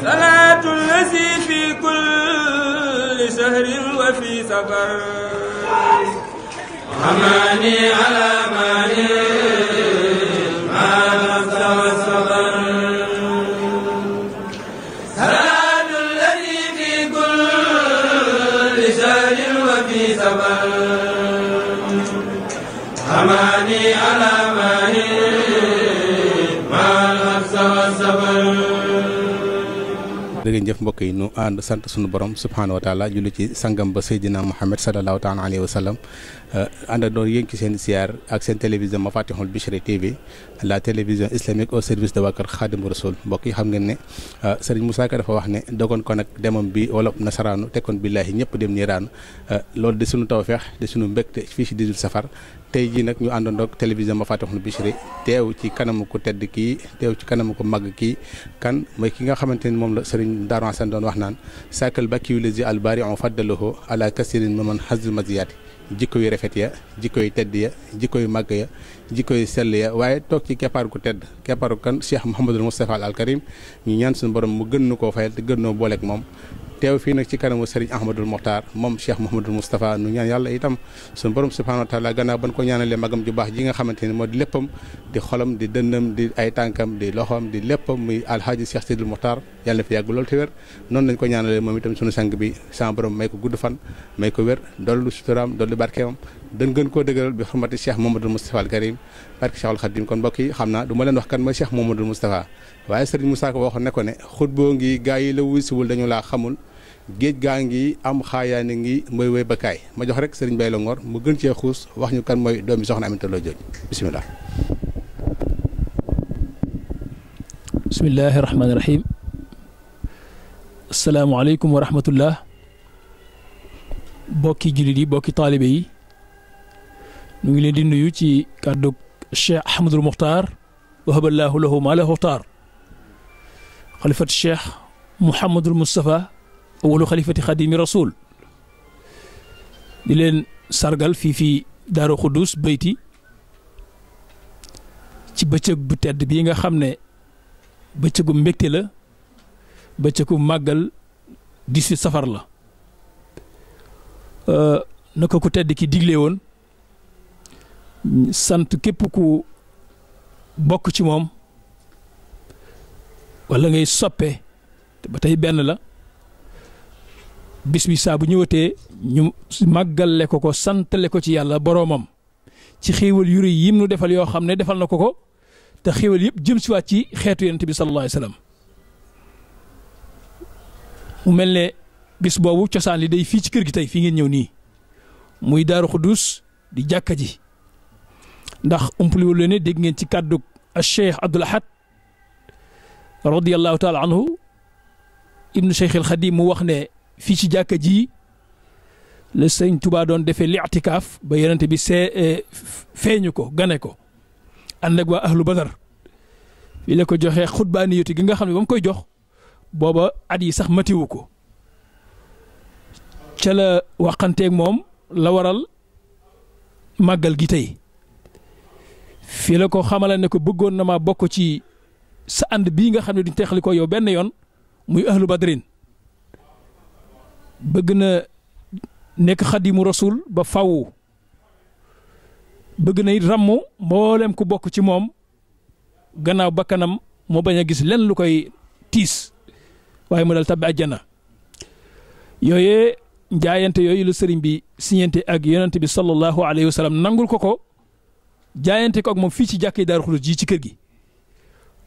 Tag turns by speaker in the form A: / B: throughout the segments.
A: salaatu lazi fi kulli sahrin wa fi safar amaani ala maani Amani ala mani
B: dëgg jëf mbokk yi nu ànd sant sunu borom subhaanahu wa taala julli ci sangam ba Seydina Muhammad salallaahu taala alayhi wa sallam euh, àndandoon yéen ci seen siyaar ak seen télévision Mafatihul Bichri TV la télévision islamique au service de waa kër Xaadimu Rasul mbokk yi xam ngeen ne euh, Serigne Moussa Ka dafa wax ne dogoon ko nag demam bi wolof nasaraanu tekkoon billaahi ñëpp dem niiraanu euh, loolu di sunu tawfeex di sunu mbégte fii ci 18 safar tey jii nag ñu àndandoo ak sëñ Darou doon wax naan saakal ba yu la ji albari on faddalahu ala kasirin maman hazul maziyaati jikko yu rafet ya jikko yu tedd ya jikko yu màgg ya jikko yu sell ya waaye toog ci keppaar gu tedd keppaar kan Cheikh Mouhamadul Moustapha al Karim ñu ñaan suñu borom mu gën nu koo fayal te gën noo booleek moom teew fii nag ci kanamu Serigne Ahmadul Mokhtar moom Cheikh Mouhamadul Moustapha nu ñaan yàlla itam suñu borom subhanahu wa taala gannaaw ban ko ñaanalee magam ju baax ji nga xamante ni moo di léppam di xolam di dënnam di ay tànkam di loxoom di léppam muy alhaaji Cheikh Sidul Mokhtar yàlla na fi yàgg lool te wér noonu lañ ko ñaanalee moom itam suñu sang bi sama borom may ko gudd fan may ko wér dollu suturaam dollu barkeemam dañ gën koo dëgëral bi xurmati Cheikh Mouhamadul Moustapha al Karim barke Cheikhul Khadim kon mbokk yi xam naa ma leen wax kan mooy la wuy géej gaa ngi am xaayaani ngi mooy woy bakaay ma jox rek sëriñ Bay la mu gën cee xuus wax ñu kan mooy doomi soxna Aminta Lo Diop
A: bisimilah. bismillahi rahmaani rahim wa rahmatullah bokki jullit yi bokki taalibe yi ñu ngi leen di nuyu ci kàddu Cheikh Ahmadul Muxtaar wahaballahu lahu ma lahu xtaar xalifat Cheikh Mouhamadul Moustapha awalu xalifati xadimi rasul di leen sargal fii fii Daaru Xuddus bayti ci bëccëg bu tedd bii nga xam ne bëccëgu mbégte la bëccëgu màggal di si safar la euh, naka ko tedd ki digle woon sant képp ku bokk ci moom walla ngay soppe ba tey benn la bis bi saa bu ñëwatee ñu màggale ko ko santale ko ci yàlla boroomam ci xéewal yu rëy yim nu defal yoo xam ne defal na ko ko te xéewal yëpp jëm si waat ci xeetu yonent bi sallallahu alayhi mu mel ne bis boobu cosaan li day fii ci kër gi tey fii ngeen ñëw nii muy daaru xudduus di jàkka ji ndax umpaliwul la ne dégg ngeen ci kàddu Cheikh Abdoul Ahad radiyallahu taala anhu ibnu Cheikh al mu wax ne fii ci jàkka ji la sëñ Touba doon defee li atikaaf ba yonent bi see eh, feeñu ko gane ko ànd ak waa ahlu badar fii la ko joxee xutbaani yoti gi nga xam ne ba mu koy jox booba at yi sax matiwu ko ca la waxanteeg moom la waral màggal gi tey fii la ko xamala ne ko bëggoon na maa bokk ci sa and bii nga xam ne duñ teexli ko yow benn yoon muy ahlu badrin bëgg na nekk xadimu rasul ba faw bëgg na it ràmmu mboolem ku bokk ci moom gannaaw bakkanam moo bañ a gis lenn lu koy tiis waaye mu dal tabbi àjjana yooyee jaayante yooyu la sëriñ bi siñente ak yonent bi sallallahu alayhi wa nangul ko ko jaayante ko ak moom fii ci jàkk yi daaru xulus ji ci kër gi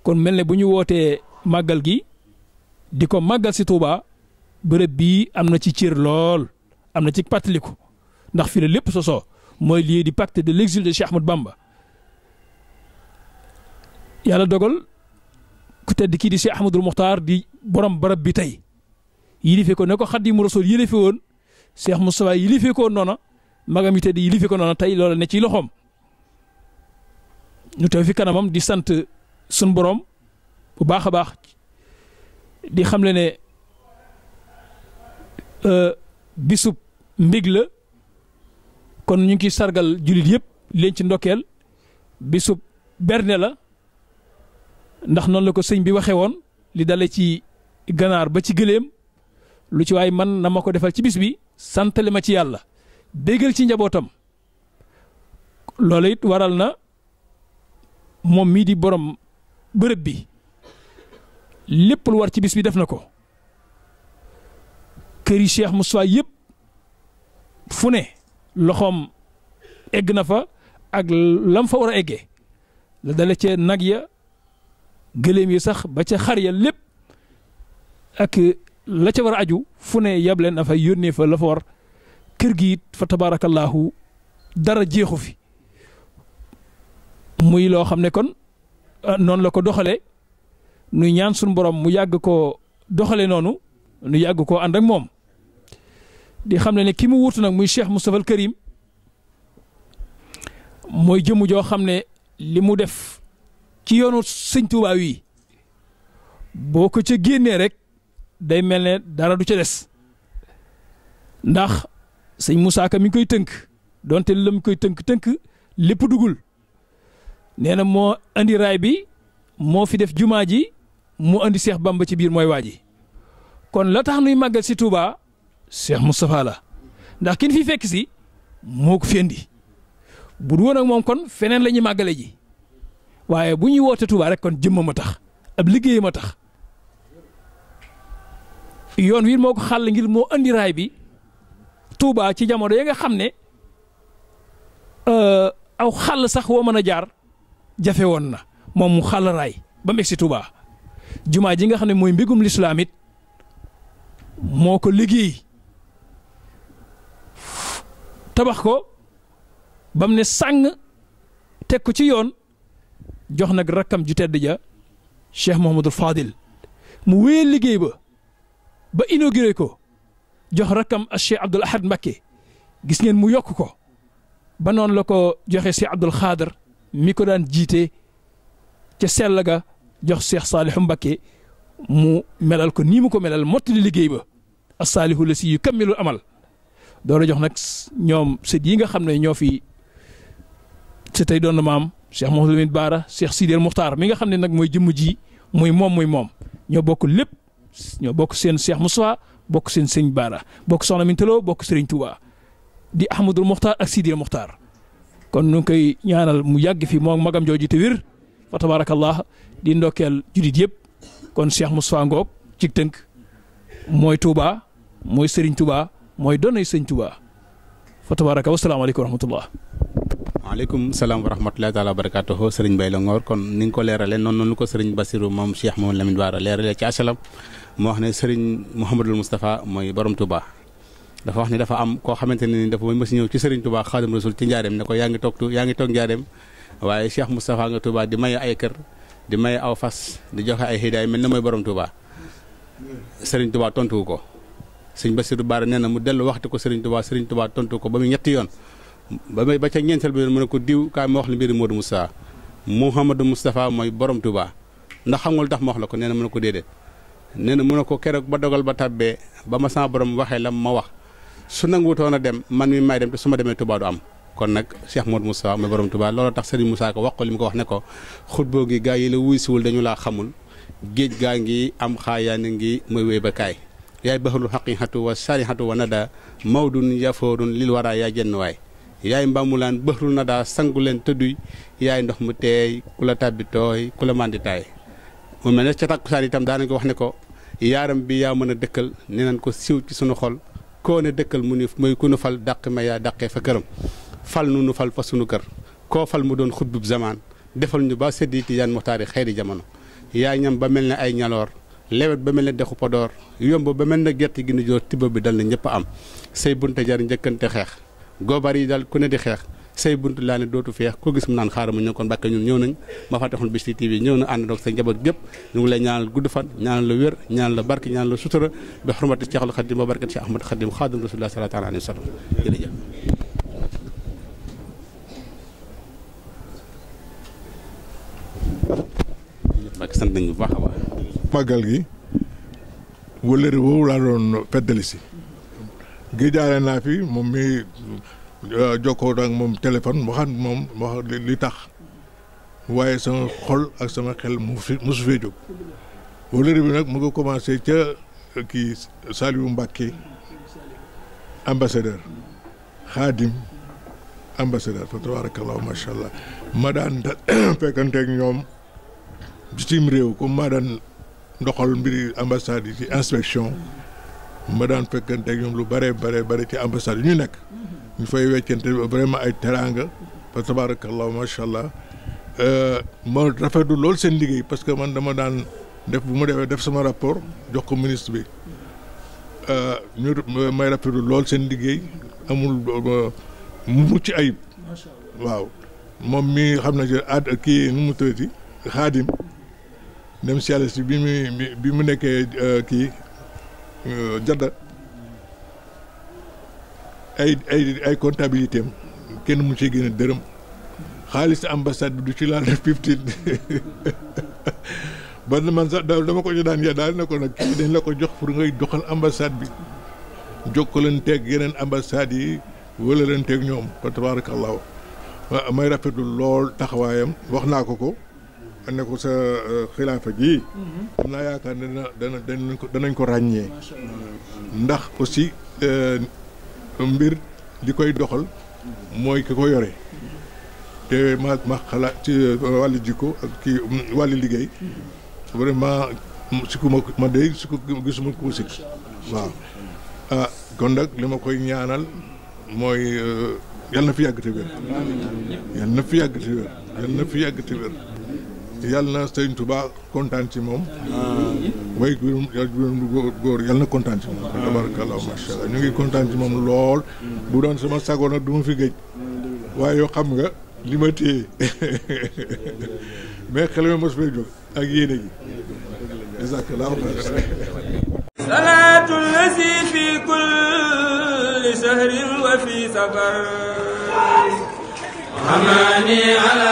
A: kon mel ne bu ñu wootee màggal gi di ko màggal si Touba bërëb bii am na ci cër lool am na ci pàttaliku ndax fi la lépp sosoo mooy lieu di pacte de l'exil de Cheikh Ahmadou Bamba yàlla dogal ku tedd kii di Cheikh Ahmadul Muxtaar di borom barab bi tey yilife ko ne ko Xaadimu Rasuul yilife woon Cheikh Moustapha yilife ko noona magam di tedd yilife ko noona tey loola ne ci loxoom ñu teew fi kanamam di sant sun borom bu baax a baax di Euh, bisub mbig la kon ñu ngi ciy sargal jullit yépp leen ci ndokkeel bisub berne la ndax noonu la ko sëñ bi waxee woon li dale ci ganaar ba ci gëléem lu ci waay man na ma ko defal ci bis bi santale ma ci yàlla déggal ci njabootam loolu it waral na moom mii di boroom bërëb bi lépp war ci bis bi def na ko kër yi Cheikh Moustapha yëpp fu ne loxoom egg na fa ak lam fa war a eggee la dale ca nag ya gëléem yi sax ba ca xar ya lépp ak la ca war a aju fu ne yable na fa yónnee fa la fa war kër gi it fa tabaarakallaahu dara jeexu fi muy loo xam ne kon ah, noonu la ko doxalee nu ñaan suñu borom mu yàgg koo doxalee noonu nu yàgg koo ànd ak moom di xam ne ne ki mu wutu nag muy Cheikh mu al Karim mooy jëmm joo xam ne li mu def ci yoonu sëñ Tuubaa yi boo ko ca génnee rek day mel ne dara du ca des ndax sëñ Moussa Ka mi ngi koy tënk donte la mu koy tënk-tënk lépp dugul nee na moo andi raay bi moo fi def jumaa ji mu indi Seex Bamba ci biir mooy waa ji kon la tax nuy màggal si Touba Cheikh Moustapha la ndax kin fi fekk si moo ko fi indi bu du woon moom kon feneen la ñuy màggale ji waaye bu ñuy woote Touba rek kon jëmm ma tax ab liggéey ma tax yoon wi moo ko xàll ngir moo andi raay bi Touba ci jamono ya nga xam ne euh, aw xàll sax woo mën a jaar jafe woon na moom mu xàll raay ba mu si Touba jumaa ji nga xam ne mooy mbégum lislaam moo ko liggéey tabax ko ba mu ne sàng teg ko ci yoon jox nag rakkam ju tedd ja Cheikh Mouhamadul Fadil mu wéyal liggéey ba ba inauguré ko jox rakkam ak Cheikh Abdoul Ahad Mbacké gis ngeen mu yokk ko ba noonu la ko joxe Cheikh Abdoul Xaadar mi ko daan jiite ca sell ga jox Cheikh Saalihu Mbacké mu melal ko nii mu ko melal mottali liggéey ba as saalihu la si yu kammilul amal. door a jox nag ñoom sët yi nga xam ne ñoo fi si tey doon na maam Cheikh Mouhamadou Lamine Bara Cheikh Sidel Muxtaar mi nga xam ne nag mooy jëmm ji muy moom muy moom ñoo bokk lépp ñoo bokk seen Cheikh Moussa bokk seen sëñ baara bokk soxna Mintaloo bokk Serigne Touba di Ahmadul Muxtaar ak Sidel Muxtaar kon nu koy ñaanal mu yàgg fi moom magam jooju te wér fa tabaarakallah di ndokkeel judit yëpp kon Cheikh Moussa Ngoog ci tënk mooy tuuba mooy Serigne Touba. mooy doonay sëñ tubaa fa tabaraka wa salaamaaleykum wa rahmatullah waaleykum salaam wa rahmatullahi taala wa barakatuhu sëriñ
B: Bay la Ngoor kon ni nga ko leerale noonu noonu ko sëriñ Basiru moom Cheikh Mamadou Lamine Bara leerale ci asalam moo wax ne sëriñ Mouhamadul Moustapha mooy borom Touba dafa wax ne dafa am koo xamante ne ni dafa mooy mës ñëw ci sëriñ Touba Xaadim Rasul ci njaareem ne ko yaa ngi toog yaa ngi toog njaareem waaye Cheikh Moustapha nga tubaa di maye ay kër di maye aw fas di joxe ay hidaay mel na mooy borom Touba sëriñ Touba tontuwu ko sëñ Bassirou Bara nee na mu dellu waxtu ko Serigne Touba Serigne Touba tontu ko ba muy ñetti yoon ba may ba ca ñeenteel bi mu ne ko diw kaay ma wax la mbiri Modou Moustapha Mouhamadou Moustapha mooy borom Touba ndax xamul tax ma wax la ko nee na mu ko déedéet nee na mu ne ko keroog ba dogal ba tàbbee ba ma sama borom waxee la ma wax su nanguwutoon a dem man mi may dem te su ma demee Touba du am kon nag Cheikh moo Moustapha mooy borom tubaa looloo tax Serigne Moussa ko wax ko li mu ko wax ne ko xutboo gi gaa yi la wuy siwul dañu laa xamul géej gaa ngi am xaayaani ngi mooy wéy ba kaay yaay baxalu xaqiixatu wa saarixatu wa nada mawdun yafoorun lil wara yaa jenn waay yaay mbaamulaan baxalu nada sangu leen tëdduy yaay ndox mu teey ku la tàbbi tooy ku la manditaay mu mel ne ca tàkkusaan itam daanañ ko wax ne ko yaaram bi yaa mën a dëkkal ne nan ko siw ci sunu xol koo ne dëkkal mu ni muy ku nu fal ma yaa dàqee fa këram fal nu nufal fa sunu kër koo fal mu doon xutbub zamaan defal ñu ba seddi tijaan muxtaari xeeri jamono yaay ñam ba mel ne ay ñaloor lewet ba mel ne dexu Podor yomb ba mel ne gerte gi ni joor tibb bi dal na ñëpp am say bunte jar njëkkante xeex goobar yi dal ku ne di xeex say bunt laa ne dootu feex ko gis mu naan xaaral ma ñëw kon Mbàkke ñun ñëw nañ ma fa taxul Bichri TV ñëw na ànd ak sa njaboot gépp ñu ngi lay ñaanal gudd fan ñaanal la wér ñaanal la barke ñaanal la sutura bi xurmati Seexul Xadim ba barkat Seex Ahmad Xadim Xaadim Rasulullah sallallahu alayhi wa sallam jërëjëf sant nañ bu baax a màggal gi
C: wëllëri woowu laa doon feddali si géejaare naa fi moom mi euh, jokkoo ak moom téléphone waxaat moom wax li tax waaye sama xol ak sama xel mu fi su fee jóg wëllëri bi nag mu nga commencé ca kii Saliou Mbacké ambassadeur xaadim ambassadeur fa tabarakallah macha allah ma daan fekkanteeg ñoom bitim réew comme maa daan ndoxal mbiri ambassade yi ci inspection ma daan fekkante ak ñoom lu bare bare bare ci ambassade yi ñu nekk ñu fay weccante ma ay teraanga fa tabarakallah macha allah euh, ma rafetu lool seen liggéey parce que man dama daan def bu ma defee def sama rapport jox ko ministre bi euh, ñu may rafetlu loolu seen liggéey amul euh, mu mucc ayib waaw moom mi xam na ci ad kii nu mu tëddati xaadim dem si yàlla si bi muy bi mu nekkee euh, kii euh, jadda ay ay ay comptabilité kenn mu ci gën a dërëm xaalis ambassade bi du ci laal def fifteen ba man sax dama ko ci daan ya daal ne ko nag kii dañ la ko jox pour ngay doxal ambassade bi jokkalanteeg yeneen ambassades yi wëlalanteeg ñoom fa tabarakallahu may rafetlu lool taxawaayam wax naa ko ko ne sa euh, xilaafa gi am mhm. naa yaakaar ne dana dana ko danañ ko ràññee ndax aussi euh, mbir li koy doxal mooy ki ko yore te ma ma xalaat ci euh, wàllu jikko ak kii wàllu liggéey mhm. vraiment sikku ma ma day sikku gisuma ku sikk waaw ah kon nag li ma koy ñaanal mooy yal na fi yàgg te wér yal na fi yàgg te yàlla na sëñ Touba kontaan ci moom. way juróom juróom góor yàlla na kontaan ci moom. tabarakallah macha allah ñu ngi kontaan ci moom lool. Mm. bu doon sama sago nag du ma fi géej. waaye yoo xam nga li ma téye mais xel ma mos fay jóg ak yéene gi. jazakallahu xayran.
A: salaatu lazi fi kulli shahrin wa